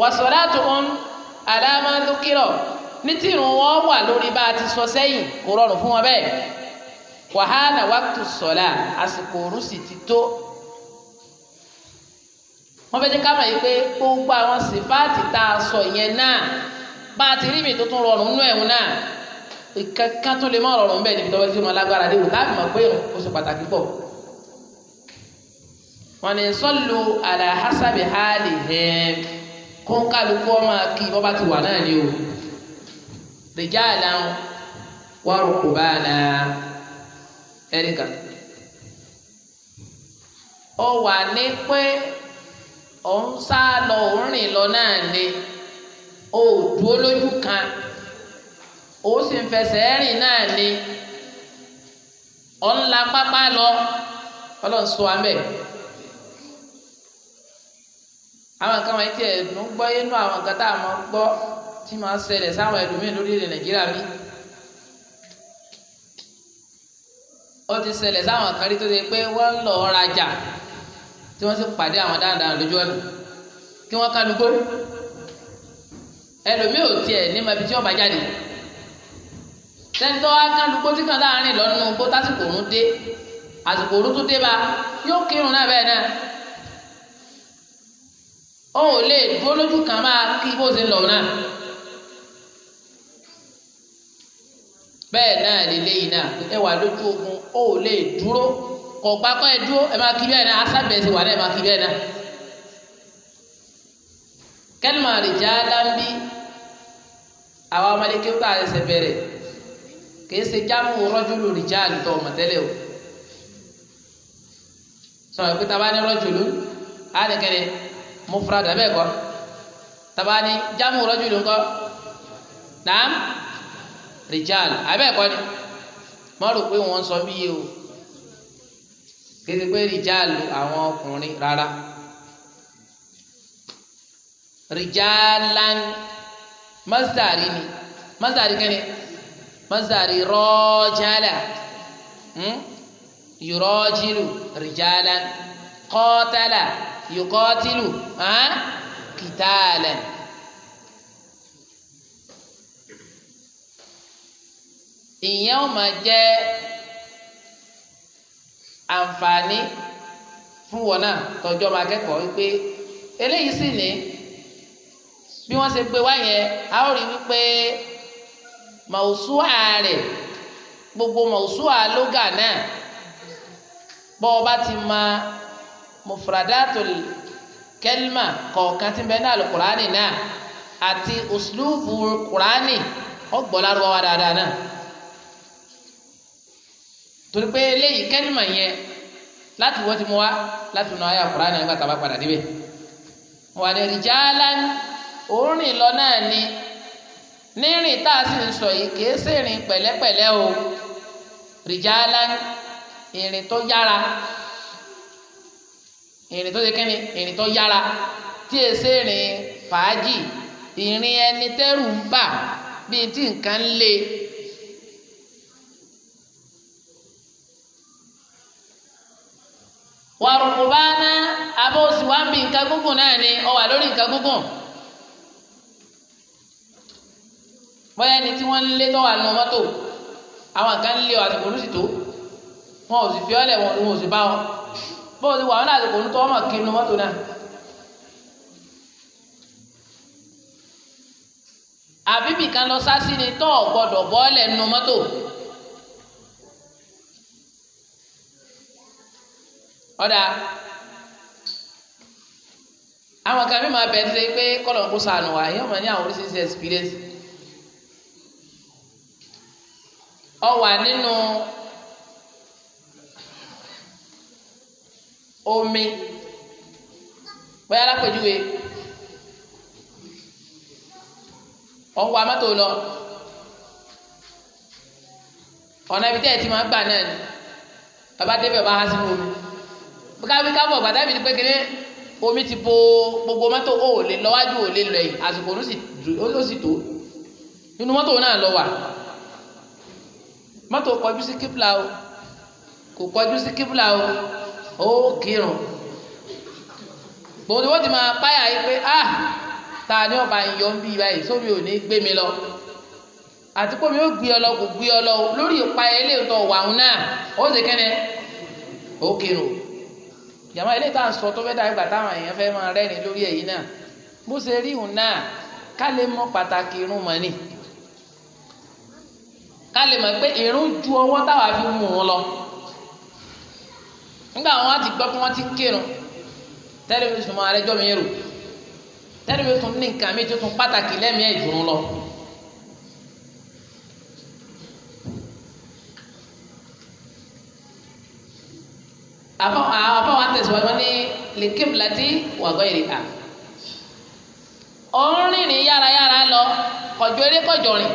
wàsọ̀rọ̀ àtúntò aláàmọ́dúkìrọ̀ ní tìrún wọn wà lórí bá a ti sọ sẹ́yìn kò rọrùn fún wọn bẹ́ẹ̀ wàhálà wàtú sọ̀lá àsìkò òrùsì ti tó wọ́n fẹ́ jẹ́ ká mọ̀ yìí pé gbogbo àwọn sífáàtì tá a sọ yẹn náà bá a ti rí mi tó tún rọrùn nínú ẹ̀hún náà kankan tó lè má rọrùn bẹ́ẹ̀ níbi tọ́wọ́ tí mo lágbára dé wò láti mọ̀ pé o ṣe pàtàkì pọ̀. wọ́n ní sọ́lù àlàhásábì hàlì hẹ́m kó kálukú ọmọ kí bọ́ bá ti wà náà ni o. rìjà àdáhùn wà rúkú bá a na ẹ̀ríkà. ọ wà ní pé. ò sá lọ náà ni o ò lójú kan o sì ń fẹsẹ̀ rìn náà ni la pápá lọ ọlọ́run sọ amẹ́ àwọn nǹkan wọ̀nyí tiẹ̀ ń gbọ́ inú àwọn tá a mọ̀ gbọ́ tí máa ṣẹlẹ̀ sáwọn ẹlòmíì lórílẹ̀ nàìjíríà mi ó ti ṣẹlẹ̀ sáwọn kan rí tí wọ́n sì pàdé àwọn dáadáa lójú ọ̀nà kí wọ́n kálu gbó ẹlòmíì ò tiẹ̀ ní ma ibi tí wọ́n bá jáde tẹ́ńtọ́ kálu gbó tí kan láàrin lọ́nù gbó tásìkò òun dé àsìkò òun tún dé ba yóò kírun náà bẹ́ẹ̀ náà ó ò lè dúró lójú kan máa kí bó ṣe lọ náà bẹ́ẹ̀ náà lè léyìn náà ẹ wà lójú ogun ó ò lè dúró kọ̀ọ̀pá kọ́ ẹ dúró ẹ máa kí bẹ́ẹ̀ náà asábẹ̀ẹ́sì wà náà ẹ máa kí bẹ́ẹ̀ náà. kẹ́nìmọ̀ àrìjà láńbí àwa ọmọdéke bá ẹsẹ̀ bẹ̀rẹ̀ kì í ṣe jámù rọ́júlù rìjà àlùtọ̀ ọ̀mọ̀tẹ́lẹ̀ o. sọ̀rọ̀ pé taba ní rọ́júlù á ní kẹ́ni mufrad abẹ́ kọ́ taba ní jámù rọ́júlù ńkọ́ nàám rìjà àbẹ́ kọ́ ni mọ́ rò pé wọ́n sọ bí yìí o kéde pé rìjáàlù àwọn ọkùnrin rárá rìjáàlán masdari ni masdari kẹ́ni masdari rọ́jàlá hmm? yurọ́jìlù rìjáàlán kọ́tàlá yukọ́tìlù kìtàlán. ìyẹn ó máa jẹ́. àǹfààní fún wọn náà tọjọ́ máa kẹ́kọ̀ọ́ wípé eléyìí sì ní bí wọ́n ṣe gbé wá yẹn a ó rí wípé màùsùà rẹ̀ gbogbo màùsùà lóga náà bọ́ ọ bá ti ma mufradatul kẹ́límà kọ̀ọ̀kan tí ń bẹ náà lùkùránì náà àti uslubu kùránì ọgbọ̀n lárúbáwá dáadáa náà. torí pé eléyìí kẹ́límà yẹn láti wọ́n ti mú wa láti nà áyà kúrá náà nígbà tá a bá padà débẹ̀. wà ní rìjálá òórìn náà ni nírìn tá a sì ń sọ yìí kìí sèrìn pẹ̀lẹ́pẹ̀lẹ́ o rìjálá ìrìn tó yára ìrìn tó ṣe kẹ́ni ìrìn tó yára tí e sèrìn fàájì ìrìn ẹni tẹ́rù ń bà bíi tí nǹkan ń le. wàrùkùbánà abọ́ òsì wá ń bi nǹkan gúngùn náà ni ọ wà lórí nǹkan gúngùn. bóyá ẹni tí wọ́n ń lé tọ́wà nù mọ́tò àwọn kan ń lé àsìkò lùsì tó wọn ò sì fi ọ́lẹ̀ wọn ò sì bá wọn bó o ti wà wọn àsìkò ń tọ́ ọmọ kí nù mọ́tò náà. àbíbì kan lọ sásì ni tọ́ ọ̀ gbọ́dọ̀ bọ́ ọ́lẹ̀ nù mọ́tò. ọ̀dà àwọn kan mi máa bẹ̀ ṣe pé kọ́lọ̀ kó sànù wá yóò máa ní àwọn oríṣiríṣi experience ọ wà nínú omi bóyá alápèjúwe ọ wà mọ́tò lọ ọ̀nà ibi tẹ́ ẹ ti máa gbà náà ni bàbá débẹ̀ bá há sínú omi káwí kábọ̀ gbàdá mi ni pé kéré omi ti bo gbogbo mọ́tò ó lè lọ́wájú ò lè lọ ẹ̀yìn àsìkò ló sì tó nínú mọ́tò náà lọ wà mọ́tò kọjú sí kíbla o kò kọjú sí kíbla o ó kírun gbòòdì wọ́n ti máa páyà yìí pé ah ta ni ọba yọ ń bí báyìí sómi ò ní gbé mi lọ àti pé mi ò gbé ọ lọ kò gbé ọ lọ lórí ìpayà ilé ìtọ̀ wàhùn náà ó sì kẹ́ni ó kírun jàmọ́ ilé tá à ń sọ tó fẹ́ dá ìgbà táwọn èèyàn fẹ́ máa rẹ́rìn lórí èyí náà bó ṣe rí òun náà ká lè mọ pàtàkì irun mọ̀ ni ká lè mọ̀ pé irun ju ọwọ́ táwa fi mú un lọ nígbà wọn ti gbọ́ pé wọ́n ti kírun tẹ́lifíṣàn máa rẹjọ́ mi rò tẹ́lifíṣàn ní nǹkan mi tuntun pàtàkì lẹ́mìí ẹ̀jùrún lọ. àwọn afọwọ́n tẹ̀síwájú ní lèkébìlàdì wàgọ́ ìrìkà òun rìnrìn yárayára lọ kọjọ eré kọjọ rìn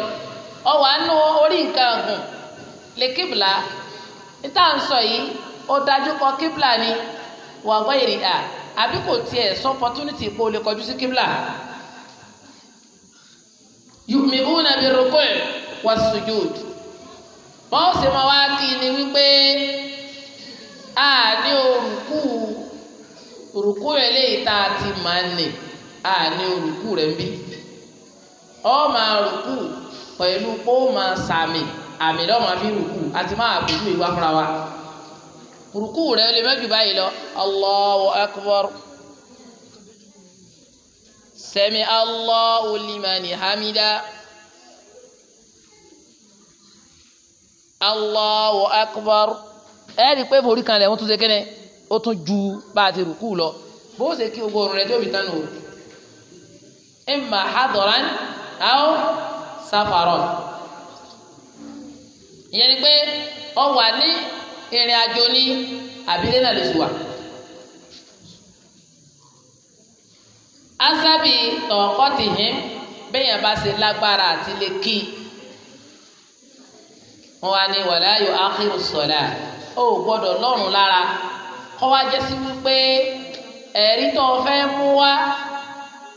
ọwọ́ àánú orí nǹkan ọ̀gùn lèkébìlà níta ń sọ yìí ó dájú kọ kébìlà ni wàgọ́ ìrìkà àbí kò tiẹ̀ sọ opportunity kó o lè kọjú sí kébìlà yumiuna birukui wasujud bọ́ọ̀sì máa wá kí ni wípé a ní orùkú orùkú rẹ léyìí tá a ti máa nì a ní orùkú rẹ ń bí ọ máa rùkú pẹ̀lú pé ó máa sàmì àmì lọ́ọ́ máa fi rùkú àti máa bójú ìwà fúnra wa rùkú rẹ lè mẹ́jù báyìí lọ Allahu akbar sami Allahu limani hamida. Allahu akbar ẹ rí i pé forí kan lẹ̀ ó tún ṣe kéne ó tún ju bá a ti rùkú lọ bó ṣe kí ogun ọ̀run rẹ̀ tó fi tán nù. imma hadaran aw safaran ìyẹn ni pé ọ wà ní ìrìn àjò ní àbílẹ̀ náà lè sùwà. asábì tọ̀ọ̀kọ́ ti hìn bẹ́yẹn bá ṣe lágbára àti lè kí wọn wá ní wàláyò ákírù sọ̀lá o ò gbọ́dọ̀ lọ́rùn lára kọ́ wá jẹ́ sí wípé ẹ̀rí tó o fẹ́ mú wá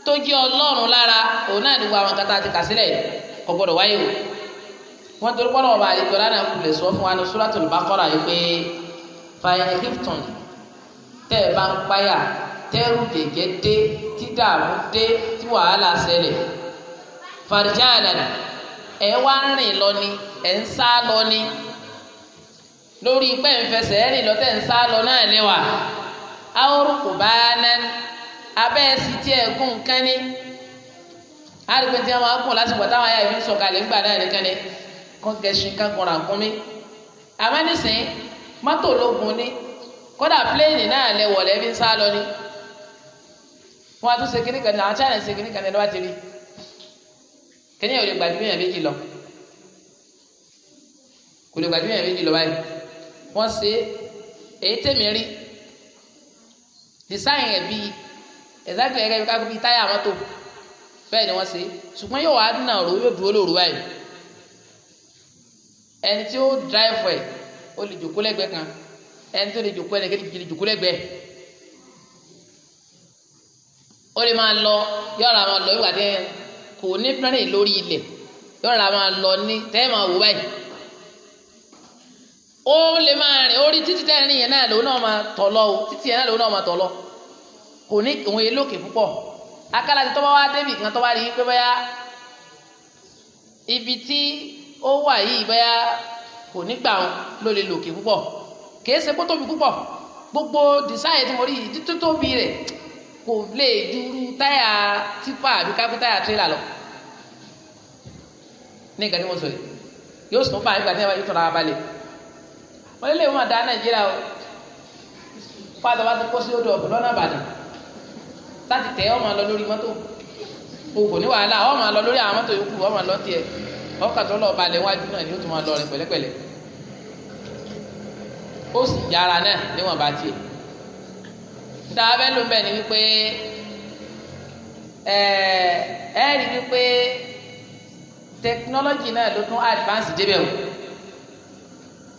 tó jẹ́ ọlọ́run lára òun náà ní gbogbo àwọn nǹkan ti kà sílẹ̀ kò gbọ́dọ̀ wáyé o wọ́n torí pọ́nà ọba àlejò lánàá kulẹ̀ sọ fún wa ní Suratul Baqara yìí pé fàyẹ̀ hifton tẹ́ ẹ bá ń páyà tẹ́rù gègé dé tí dààmú dé tí wàhálà ṣẹlẹ̀ fàrìjáàlà ẹ wá ń rìn lọ ni ẹ ń sá lọ ni lórí pẹ́ǹfẹsẹ̀ ẹ̀rìn lọ́tẹ̀ ń sá lọ náà níwà áwòrúkù bá nání abẹ́ ẹ̀sì tí ẹ̀ gùn kánní àdìpẹ́ tí wọ́n máa gùn lásìkò táwọn ayá ìfi sọ̀kalẹ̀ ńgbà náà ní kánní kàn gẹ̀ṣin kàn gùnrà kúnmí àmọ́ nísìnyí mọ́tò lógun ní kódà pléènì náà lẹ wọ̀lẹ́ fi ń sá lọ ní wọn a tún ṣe kíní kan àwọn china kíní kan ẹni wá ti rí kíní yẹn ò lè gbàdúrà méjì lọ kò lè gbàdúrà méjì lọ báyìí wọ́n ṣe èyí tèmi rí design rẹ̀ bíi exactly gẹ́gẹ́ bí káfíńtì táyà mọ́tò bẹ́ẹ̀ ni wọ́n ṣe ṣùgbọ́n yóò wá dínà òru yóò dúró lóru báyìí ẹni tí ó drive ẹ̀ ó lè jòkó lẹ́gbẹ̀ẹ́ kan ẹni tó lè jòkó ẹ̀ lẹ́gbẹ̀ẹ́ lè jòkó lẹ́gbẹ̀ẹ́ ó lè máa lọ yọ̀ọ̀ra máa lọ ìgbà tí kò ní pẹ́rẹ́ lórí ilẹ̀ yọ̀ọ̀ra máa lọ ní tẹ́ẹ̀ máa wò báyìí. ó lè máa rìn orí títí tẹ́ ẹ̀rín yẹn náà lòun náà máa tọ̀ lọ o títí yẹn náà lòun náà máa tọ̀ lọ kò ní òun yẹn lókè púpọ̀ akálà tí tọ́wọ́ wá kan tọ́wọ́ rí pé ibi tí ó wà yìí bóyá kò ní gbà ó ló lè lòkè púpọ̀ kìí ṣe kó gbogbo dìsáyè tí mo rí yìí títóbi rẹ̀ kò lè dúró táyà tipa àbí kápẹ́ táyà tírélà lọ ní ìgbà wọ́n lè wọ́n dá nàìjíríà o fáta wá ti kó odò ọ̀bùn lọ́nà àbàdàn láti tẹ̀ ọ́ máa lọ lórí mọ́tò oògùn ní wàhálà ọ́ máa lọ lórí àwọn mọ́tò yòókù ọ́ máa lọ tiẹ̀ tó lọ balẹ̀ wájú náà ni ó tún máa lọ rìn pẹ̀lẹ́pẹ̀lẹ́ ó sì yára náà níwọ̀n bá tiẹ̀ ló ń bẹ̀ ni wípé wípé tẹkinọ́lọ́jì náà ló tún advance débẹ̀ o.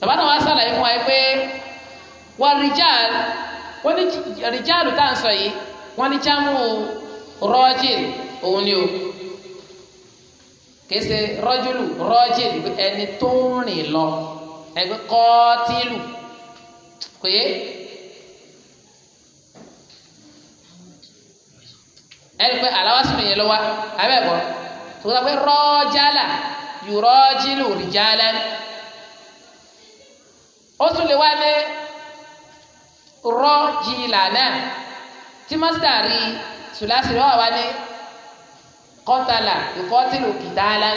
bàbá náà wá sàlàyé fún wa pé wà rìjáàl wọ́n ní rìjáàlù tá à ń sọ yìí wọ́n ní jámù rọ́jìl òun ni o kese rọ́júlù rọ́jìl ẹni tó ń rìn lọ ẹgbẹ́ kọ́tìlù kò yé. ẹni pé aláwàsílù yẹn ló wá abẹ́bọ̀ tó sọ pé rọ́jálà yùrọ́jìlù rìjálà ó tún lè wá dé rọ jìlá náà tí mọ́sítà rí sùlásì rẹ̀ wà wá dé kọ́tàlà ìkọ́tìlù kìtàlá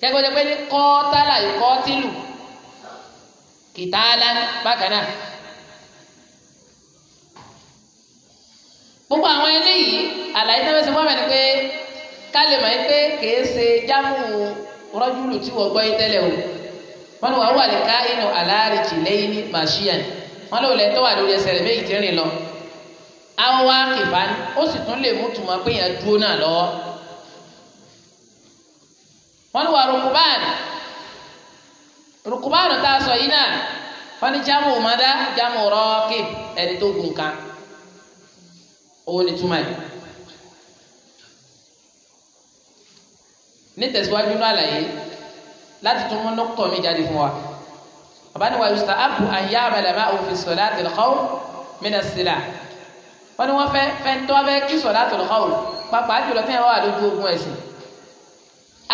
kẹ́kọ̀ọ́ jẹ́ pé ní kọ́tàlà ìkọ́tìlù kìtàlá bákan náà. gbogbo àwọn eléyìí àlàyé náà fẹsẹ̀ mọ́mọ́ pé ká lè mọ̀ pé kèé ṣe jámù rọ́júlù tí wọ́n gbọ́ yín tẹ́lẹ̀ o. wọn wà wà lè inú aláàrìjì lẹ́yìn ní màṣíyàn wọn wà lórí ẹsẹ̀ méjì tí ń rìn lọ. àwọn wá kìfà ó sì tún lè mú tùmọ̀ pé yẹn dúró náà lọ́wọ́. wọn wà rukuban rukuban tá a sọ yìí náà wọn ní jámù tó gùn kan ni túmọ̀ yìí. ní tẹ̀síwájú láti tún mú nọ́kítọ̀ mi jáde fún wa bàbá ni wà yóò sọ àpò àyà àmàlàmá òfin sọlá tìlọ́kọ́ mìíràn sílà wọ́n ní wọ́n fẹ́ fẹ́ tó wá fẹ́ kí sọlá tìlọ́kọ́ pàpà jùlọ tí wọ́n wà lójú ogun ẹ̀sìn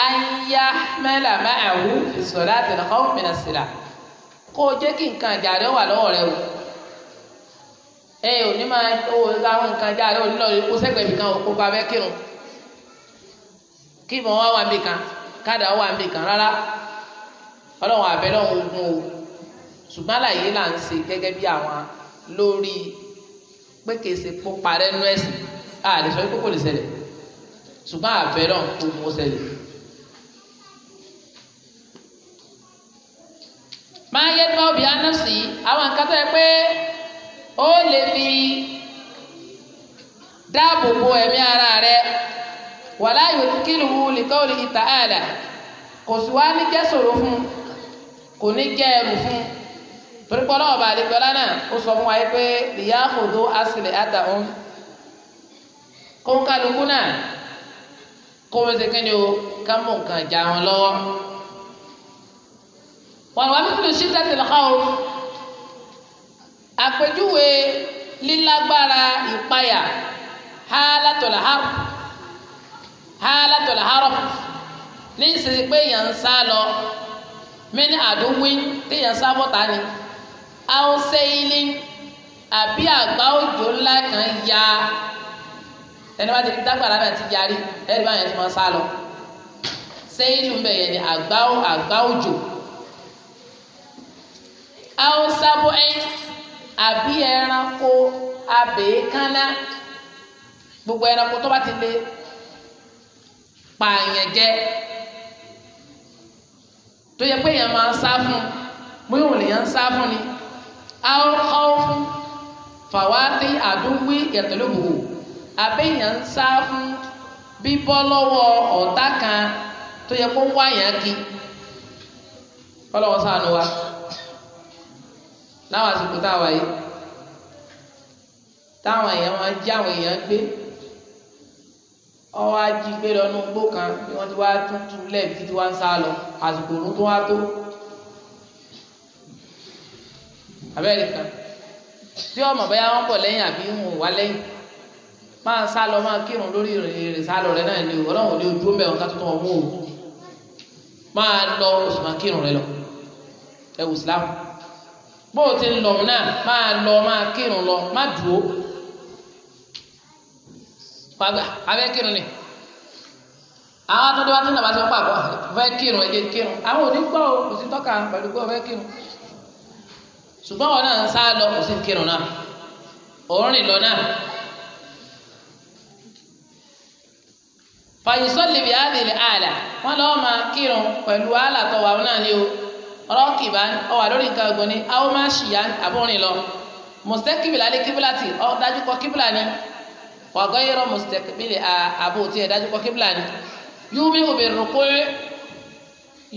àyà àmàlàmá òfin sọlá tìlọ́kọ́ mìíràn sílà kó o jẹ́ kí nǹkan ìjà rẹ wà lọ́wọ́ rẹ o ẹ ò máa o láwọn nǹkan ìjà rẹ ò kó sẹ́gbẹ̀ẹ́ nìkan o kó gba fẹ́ kírun kí ìmọ̀ wá wà mí kan káàdà wà mí kan rárá ọlọ́run àbẹ lọ́run ogun o ṣùgbọ́n àlàyé là ń ṣe gẹ́gẹ́ bí àwọn lórí pé kì í ṣe kó parẹ́ nú ẹ̀sìn a lè sọ pé kò lè ṣẹlẹ̀ ṣùgbọ́n àbẹ lọ́run kò mú ṣẹlẹ̀. máa yẹ tó bí anásì àwọn nǹkan tó yẹ pé ó lè fi dáàbò bo ẹ̀mí ara rẹ̀ wàláyò kílùú lìkọ́ òlì ìtàhálà kò sí wá ní jẹ́ fún un kò ní jẹ́ ẹrù fún torí pé ọlọ́wọ́ bá àlejò ọlá náà ó sọ fún wa pé ìyá àkòdó àṣìlẹ̀ àtàwọn kó ń kálukú náà kó ń ṣe kíni o ká mú nǹkan jà wọn lọ́wọ́. wọn wá fífi lùsí tẹ̀sílẹ̀ káwọn àpèjúwe lílágbára ìpayà hálàtọ̀là hárọ̀ hálàtọ̀là hárọ̀ ní ìsinsìnyí pé èèyàn ń sá lọ mini àdúwìn téèyàn sábọ̀tà ni àwọnsẹ̀ ilé àbí àgbá òjò ńlá kan ya ẹni bá ti fi dágbàrá náà ti yarí ẹni bá yẹn ti máa sá lọ sẹ́yìnlú ń bẹ̀ yẹn ni àgbá àgbá òjò àwọnsábọ̀ ẹ̀yìn àbí ẹranko abèékánná gbogbo ẹranko tó bá ti lè pààyàn jẹ tó yẹ pé èèyàn máa sá fún bóyá òun lèèyàn ń sá fún ni áwọ́ fàwátì àdúgbì ìyàtọ̀lógbòwò àbẹ̀yàn ń sá fún bíbọ́ lọ́wọ́ ọ̀tá kan tó yẹ kó wá yàn kí ọlọ́wọ́ sànù wa láwọn àsìkò táwa yìí táwọn èèyàn máa jí àwọn èèyàn gbé wọ́n wá jí gbé lọ ní igbó kan bí wọ́n ti wá tútù lẹ́ẹ̀bí títí wá ń sá lọ àsìkò òun tó wá tó abẹ́rẹ́ kan tí ọmọ bẹ́yà wọ́n bọ̀ lẹ́yìn àbí ń wà lẹ́yìn máa sá lọ máa kírun lórí ìrìn sá lọ rẹ náà ni ọlọ́run ò ní ojú mẹ́wọ̀n ká tuntun ọmọ òun máa lọ oṣù máa kírun rẹ lọ ẹ wò sílámù bó o ti ń lọ náà máa lọ máa kírun lọ má dùn ó pàgbà abẹ́ kírun ni àwọn atọ́jú wa ti nàbà sí pàgbà fẹ́ kírun ẹ̀jẹ̀ kírun àwọn òní gbọ́ o kò sí tọ́ka pẹ̀lú pé ọ̀fẹ́ kírun ṣùgbọ́n wọn náà ń sá lọ kò sí kírun náà òun rìn lọ náà. fàyísọ́lì bíi àdìrẹ àlà wọn lọ́wọ́ máa kírun pẹ̀lú àlà tó wà náà ni o ọlọ́kì bá ọwà lórí nǹkan ọ̀gbọ́n ni àwọn máa ṣìyà àbúrin lọ mọ̀sẹ́ kíbìlà lé kíbìlà tì ọ́ dájú ni wa ghayra mustaqbili àbò tí ẹ̀ dájú kọ́ kíbla ni yúmi òbí rúkú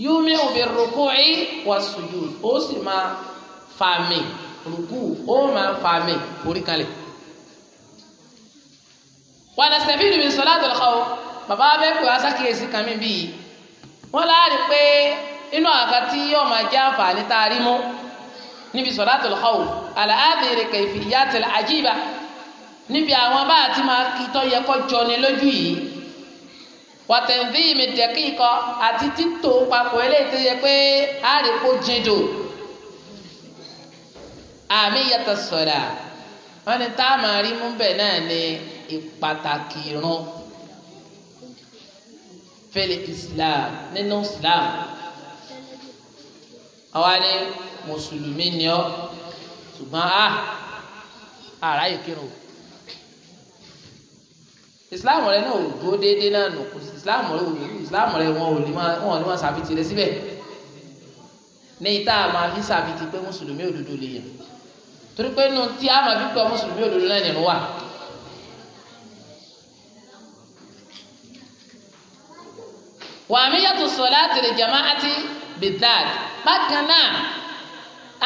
yúmi òbí rúkú ẹ̀ wà sujud ó sì máa fàmì rúkú ó máa fàmì orí kalẹ̀ wa nastafidu min salatul khawf bàbá bẹ́ẹ̀ pé wá sákìyèsí kan mi bíi wọ́n láàrin pé inú àga tí yóò máa jẹ́ àǹfààní tá a rí mú níbi salatul khawf àlàáfíì rẹ̀ kẹ̀fì yàtọ̀ àjíbá níbi àwọn bá àti máa kí tọ́ yẹ kọ́ jọni lójú yìí wàtẹ̀ǹdì ìmìtẹ́kì kọ àti títò papọ̀ eléyìí tó yẹ pé àárẹ̀kọ jìndò àmì yàtọ̀ sọ̀rọ̀ wọn ni tá a máa rí mú bẹ́ẹ̀ náà ni ìpàtàkì irun fẹlẹ Islam nínú Islam àwa ni mùsùlùmí ni ọ ṣùgbọ́n a ah, àráyè kírun islam rẹ náà ò dúró déédéé náà nù islam rẹ ò islam rẹ wọn ò ní máa wọn ò ní ma ṣàfitì rẹ síbẹ̀ ní ìta máa fi ṣàfitì pé mùsùlùmí òdodo lè yàn torí pé nù tí a máa fi pé mùsùlùmí òdodo náà nìyẹn wà. wà mí yàtọ̀ sọ̀lá tẹ̀lé jamaati bidad bákan náà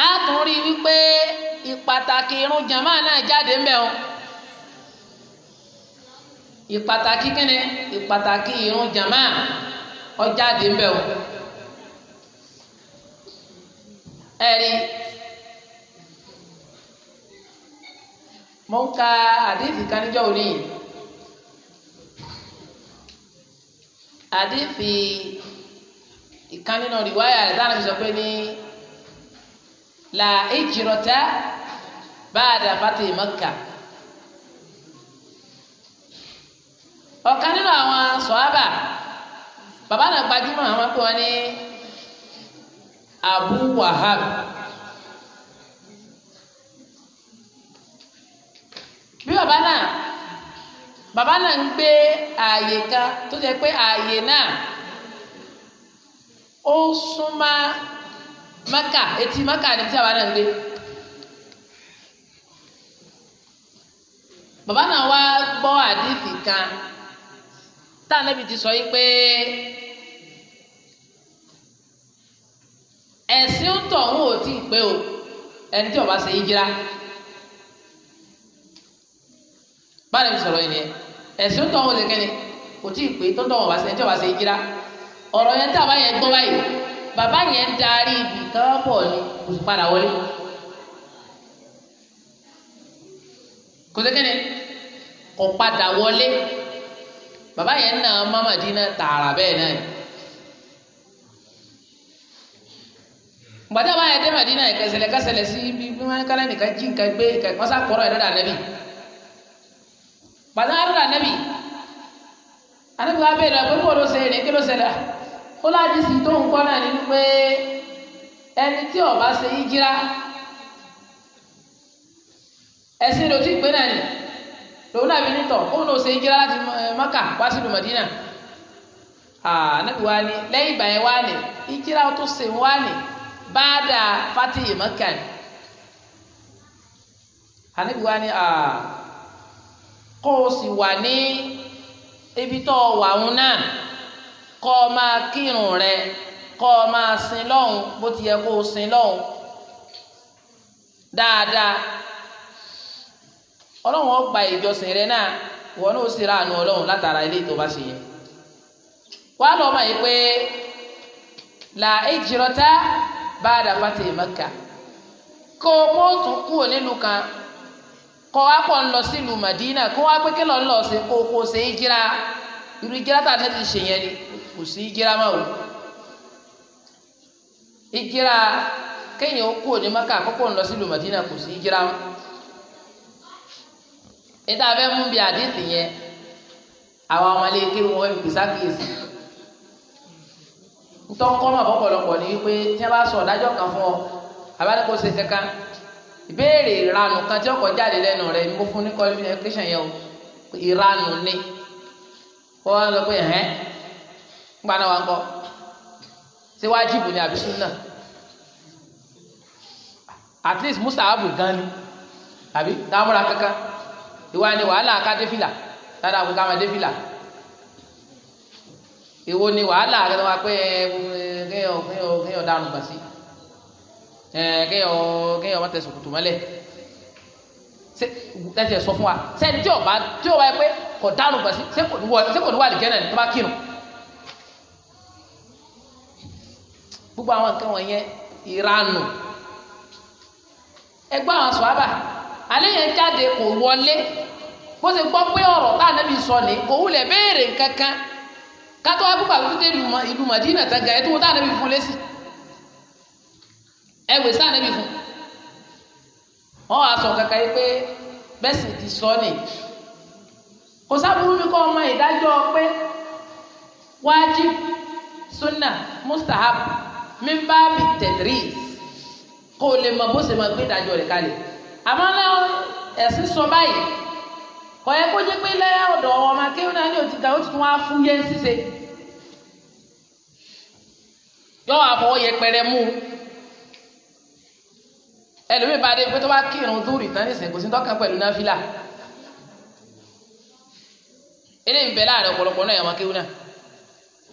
a tún rí i wípé ìpàtàkì irun jama náà jáde ń ìpàtàkì kíni ìpàtàkì irun jama ọjà dèbẹ o ẹrí mo ń ka àdìsí kaníjọ òní àdìsí ìkànnínà rìwáyà rẹ dáná fi sọ pé ní la ìjìrọ̀tà bá a dà fàtì Mẹ́kà. ọ̀kan nínú àwọn sọ̀ábà bàbá náà gbajúmọ̀ àwọn ní Abu Wahab. bí bàbá náà bàbá náà ń gbé ààyè kan tó jẹ́ pé ààyè náà ó súnmọ́ Mẹ́kà etí Mẹ́kà ni tí bàbá náà gbọ́ àdìsí kan. tá ànábì ti sọ yìí pé ẹ̀sìn ń ń ò tí ì pé o ẹni tí ó bá ṣe hijira báyìí mi sọ̀rọ̀ yìí ni ẹ̀sìn ń ń ò ṣe kẹ́ni kò tí ì pé tó ń tọ̀ ń ṣe ẹni tí ó bá ṣe hijira ọ̀rọ̀ yẹn tí àbá yẹn gbọ́ báyìí bàbá yẹn darí ibi tọ́wọ́ ni kò sì padà wọlé kò sí kẹ́ni kò padà wọlé bàbá yẹn na án má Madina tààrà bẹ́ẹ̀ náà gbàdá bá yẹn dé Madina yẹn kẹsẹlẹ kẹsẹlẹ sí ibi bí wọn kálá nìkan jí nǹkan gbé wọn sá kọrọ ẹdọdọ anabi gbàdá ẹdọdọ anabi anabi wa bẹ́ẹ̀ lọ pé kó ló ṣẹlẹ̀ kí ló ṣẹlẹ̀ ó láti sì tó nǹkan náà nínú pé ẹni tí ó bá ṣe yíjíra ẹsìn ló ti gbé náà nìyí lòun náà fi ní tọ̀ kóun náà ṣe hijira láti eh, Mọ́kà wá sílùú Mọ̀dínà anabi wa ni lẹ́yìn ìgbà yẹn wa ni hijira tó ṣe wa ni báadà fatihi Mọ́kà ni anabi wa ni kó o sì wà ní ibi tó o wà òun náà kọ́ ọ máa kírun rẹ kọ́ ọ máa sin lọ́hùn bó ti yẹ kó o sin lọ́hùn dáadáa. ọlọ́run ó gba ìjọsìn rẹ náà wọn náà ó sì ra àánú ọlọ́run látara ilé tó bá ṣe yẹ wàá lọ mọ̀ yìí pé là èjìrọ̀tà bá a dàfà tè Mẹ́kà kó o kó o kúrò kan pọ̀ ń lọ sílùú Màdínà kó pé ń lọ sí kó kó a ti ṣe níta fẹ́ mú bí àdìsí yẹn àwọn ọmọlé kéwù wọn fi sákìyèsí ntọ́kọ́mọ̀ ni wípé tí wọ́n bá sọ ọ̀dájọ́ kan fún ọ kankan ìbéèrè kan tí ọkọ jáde lẹnu rẹ mo fún ní yẹn o wa ń ṣé at least musa abu gan ni àbí dáhùn ra ìwà ni wàhálà ká dé fìlà dáadáa kó ká máa dé fìlà ìwo ni wàhálà kí wọn pé eh, kéèyàn kéèyàn kéèyàn dànù gbà sí eh, kéèyàn kéèyàn má tẹsán kùtù mọ́lẹ̀ tẹsán sọ fún wa sẹni tí ọba tí ọba yẹ pé kò dànù gbà sí sẹkò ní wà lè jẹnà ní tó bá kírun gbogbo àwọn nǹkan wọ̀nyẹn ìranù ẹgbẹ́ àwọn sọ̀hábà. a jáde kò wọlé bó ṣe gbọ́ pé ọ̀rọ̀ tá ànábì sọ ni kò lè béèrè kankan kátó abúgbà tó dé ìlú Madina tẹ́gà ẹ̀ tó ta tá ànábì fún lẹ́sì ẹ wèé sá ànábì fún wọn wàá sọ kankan yìí pé ti sọ ni kò kọ́ ọmọ ìdájọ́ pé sunna mustahab mímbàbí o lè mọ bó àmọ́ náà ẹ̀sìn sọ báyìí kò yẹ kó jẹ́ pé lẹ́yà ọ̀dọ̀ ọmọ akéwì náà ní òtítà ó ti tún wá fún yẹn ṣíṣe yọ àfọwọ́ yẹpẹrẹ mú ẹlòmíì bá dé pé tó bá kírun dúrì tán nísìnyí kò sí tọ́kàn pẹ̀lú náfìlà eléyìí ń bẹ láàrin ọ̀pọ̀lọpọ̀ náà ọmọ akéwì náà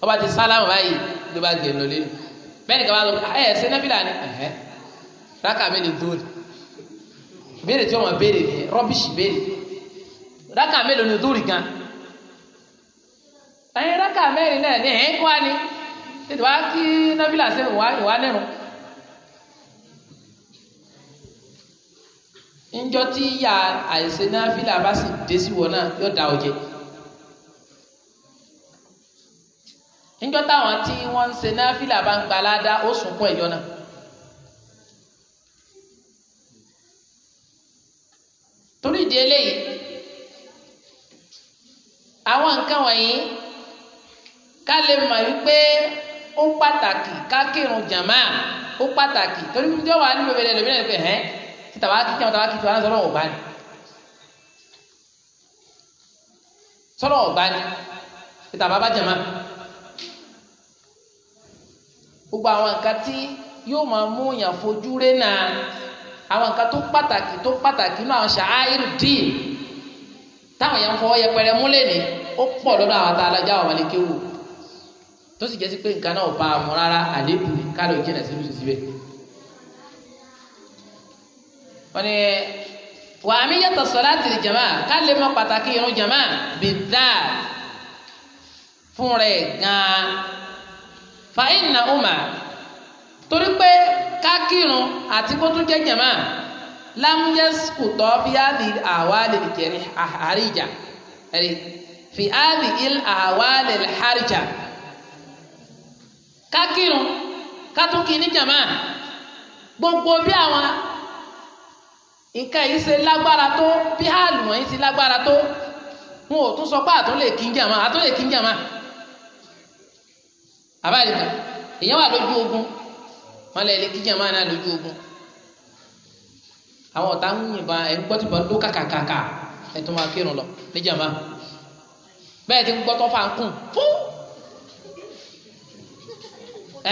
ọba ti sálámù báyìí ló bá gbẹ̀rù lónìí bẹ́ẹ̀ ni kàwá lọ ẹ̀ ah, ẹ̀ ṣe náfìlà ni rákà mi ni dúrì. ìbéèrè tí wọn máa béèrè nìyẹn rọbìṣì béèrè rákà mélòó ni dúrì gan ẹyin rákà mẹ́rin náà na ẹyìn kọ́ ni tètè wá kí nábìlà sí ìwà nírun. njọ tí ya àìsè náà bá sì dé sí wọn náà yóò da ọjẹ njọ táwọn tí wọn ń ṣe náà bá ń gbalá dá ó sunkún ẹyọ náà. torí ìdí eléyìí àwọn nǹkan wọ̀nyí ká lè mọ̀ wípé ó pàtàkì ká kírun jàmá ó pàtàkì torí bí wọ́n wà ní bèbè rẹ̀ lómìnira pé hẹ́n tí tàwa kí kí wọn tàwa kí tí wọn náà ọ̀gbá ni sọ́nà ọ̀gbá ni tí tàwa bá jàmá gbogbo àwọn nǹkan tí yóò máa mú yàn fojú rẹ́ náà àwọn nǹkan tó pàtàkì tó pàtàkì náà ṣàáírù díì táwọn yẹn ń fọwọ́ yẹpẹrẹ múlẹ̀ ní ó pọ̀ lọ́dọ̀ àwọn tá a lajá àwọn àlekè wò tó sì jẹ́ sí pé nǹkan náà bá a mú rárá àlébù ní kálọ̀ ìjìnà sí lùsù síbẹ̀. wọ́n ní wà á mi yàtọ̀ sọ́láàtì jàmá ká lè mọ pàtàkì irun jàmá bìdá fún rẹ̀ gan-an fa inna umma torí pé kákìrún àti kó tún jẹ́ jàmá lámúyẹ́s kò tọ́ fi áàdì àwálè ìjẹ̀rì àríjà ẹ̀rí fi áàdì il àwálè àríjà kákìrún kátókì ní jàmá gbogbo bí àwọn nǹkan yìí ṣe lágbára tó bí hàlù wọ̀nyí ti lágbára tó wọn ò tún sọ pé àtún lè kí ń jàmá àtún lè kí ń jàmá àbáyé èèyàn wà lójú ogun wọn lẹ lé kí náà lójú ogun àwọn ọ̀tá ń yìnbọn ẹ̀ ń gbọ́ tí ló kàkàkàkà ẹ̀ tó máa kírun lọ ní jàmá bẹ́ẹ̀ ti ń gbọ́ fà ń kùn fún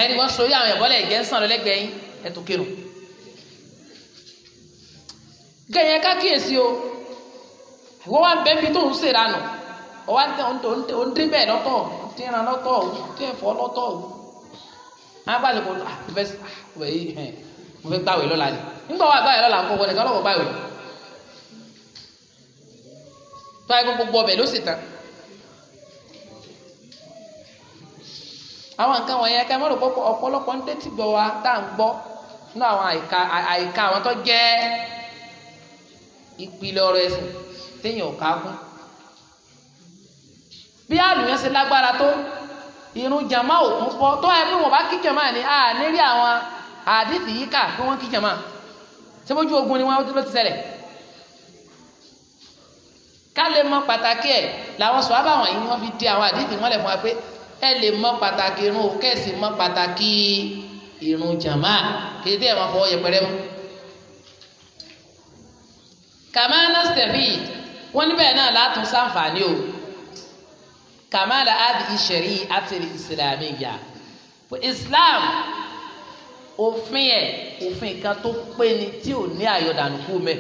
ẹni wọ́n sọ yí àwọn ẹ̀bọ́lẹ̀ ẹ̀gẹ́ ń sàn lọ́lẹ́gbẹ̀ẹ́ yín ẹ̀ tó kírun gẹ̀yìn ká kíyèsí o wọ́n wá bẹ́ẹ̀ bí tó ń ṣèrànù ọ̀wá ń dé bẹ́ẹ̀ lọ́tọ̀ ń dínran lọ́tọ̀ ń dé ẹ̀fọ́ lọ́tọ̀ ń àwọn apáṣẹ kò mo fẹ́ ah, mo fẹ́ gbàwé lọ́la ni nígbà wà gbàwé lọ́la nǹkan wọlé kọ́lọ́kọ́ gbàwé tó ayé gbogbo ọbẹ̀ ló sì tán àwọn nǹkan wọ̀nyẹn ọ̀pọ̀lọpọ̀ ń tẹ́tí gbọ́ wa tá à ń gbọ́ nínú àwọn àyíká àyíká àwọn tó jẹ́ ìpìlẹ̀ ọ̀rọ̀ ẹ̀sìn téèyàn ò ká bí lágbára irun jama ò tún pọ̀ tó ẹ bí wọn bá kí jama ni a nírí àwọn àdìsí yìí kà kí wọn kí jama sẹbójú ogun ni wọn ló ti ṣẹlẹ̀ ká lè mọ pàtàkì ẹ làwọn sọ abáwọn yìí wọn fi di àwọn àdìsí wọn lẹ fún wa pé ẹ lè mọ pàtàkì irun o kẹsì mọ pàtàkì irun jama kì ẹ máa fọwọ́ yẹpẹrẹ mú kàmáná stẹ̀fì wọn níbẹ̀ náà látún sáǹfààní o kàmáàlà àbí ìṣẹ̀rí àtẹ̀lẹ̀ ìsìlámì yá islam òfin ẹ̀ òfin kan tó pé ni tí ò ní àyọ̀dànù kú mẹ́.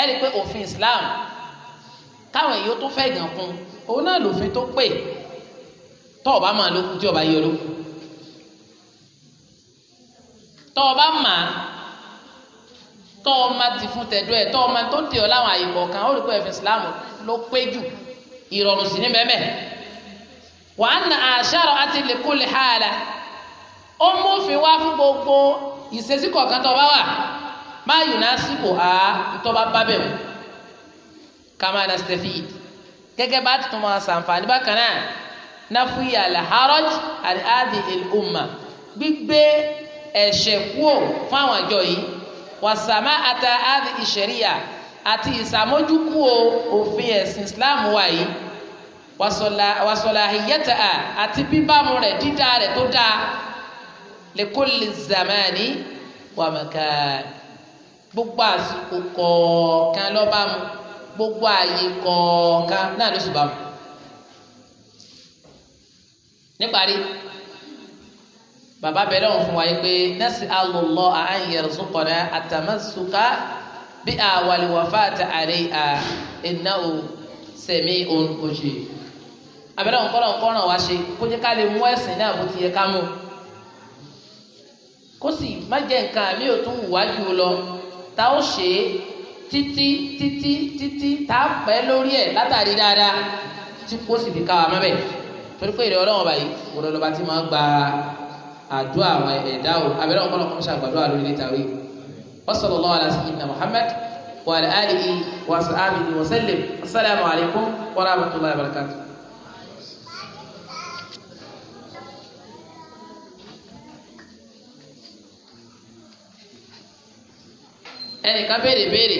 ẹ rí i pé òfin islam táwọn èèyàn tó fẹ́ gàn kún òun náà lòfin tó pè tọ́ ọba máa lókun tí ọba yẹ lókun tọ́ ọba máa tọ́ ọmọ ti fún tẹ̀dọ́ ẹ̀ tọ́ ọmọ tó ń tẹ̀ ọ́ láwọn àyè kọ̀ọ̀kan ó rí pé ẹ̀fìn Islam ló pé jù ìrọ̀rùn sí ní mẹ́mẹ́ wàá na àṣàrọ̀ àti lèkó lè ha àlà ó mófin wá fún gbogbo ìṣesí kọ̀ọ̀kan tó bá wà máa yùn náà sípò á tó bá bá bẹ̀rù kàmá na stefid gẹ́gẹ́ bá tuntun máa ṣàǹfààní bákan náà náfúyà làhárọ́j àti àdìl umma gbígbé ẹ̀ṣẹ̀ kúò fáwọn àjọ yìí wàsàmà àtà àdì ìṣẹ̀ríyà àti ìsàmójúkú òfin ẹ̀sìn islam wa yìí wàsọ̀là àhìyẹ́tà àti bíbámu rẹ̀ dídá rẹ̀ tó dáa lẹ́kọ́lì zamani wàmàkà gbogbo àsìkò kọ̀ọ̀kan lọ́bàmù gbogbo ààyè kọ̀ọ̀kan náà ló níparí bàbá bẹ̀rẹ̀ wọn fún wa yìí pé nẹ́sì alùlọ́ àáyẹ̀rẹ̀ sùkọ̀nà àtàmásùká bí àwàlìwàfà àti àrẹ à iná o sẹ̀mí òun kò ṣe. abẹ́rẹ́ wọn kọ́nà kọ́nà wá ṣe kó jẹ́ ká lè mú ẹ̀sìn náà bó ti yẹ ká mú. kó sì má jẹ́ nǹkan àmì ò tún lọ tá ó ṣe é títí títí títí tá a pẹ́ lórí ẹ̀ látàrí dáadáa tí kó sì fi ká wa mọ́bẹ̀ torí pé ìrẹ̀ ọlọ́wọ́n àdúrà àwọn ẹ̀dá o abẹ́rẹ́ ọ̀pọ̀lọpọ̀ ọ̀pọ̀lọpọ̀ ṣàgbàdo àlórí níta wí. wa sallallahu ala sayyidina Muhammad wa ala alihi wa sahbihi wa sallam assalamu alaikum wa rahmatullahi wa barakatuh. ẹnìkan béèrè béèrè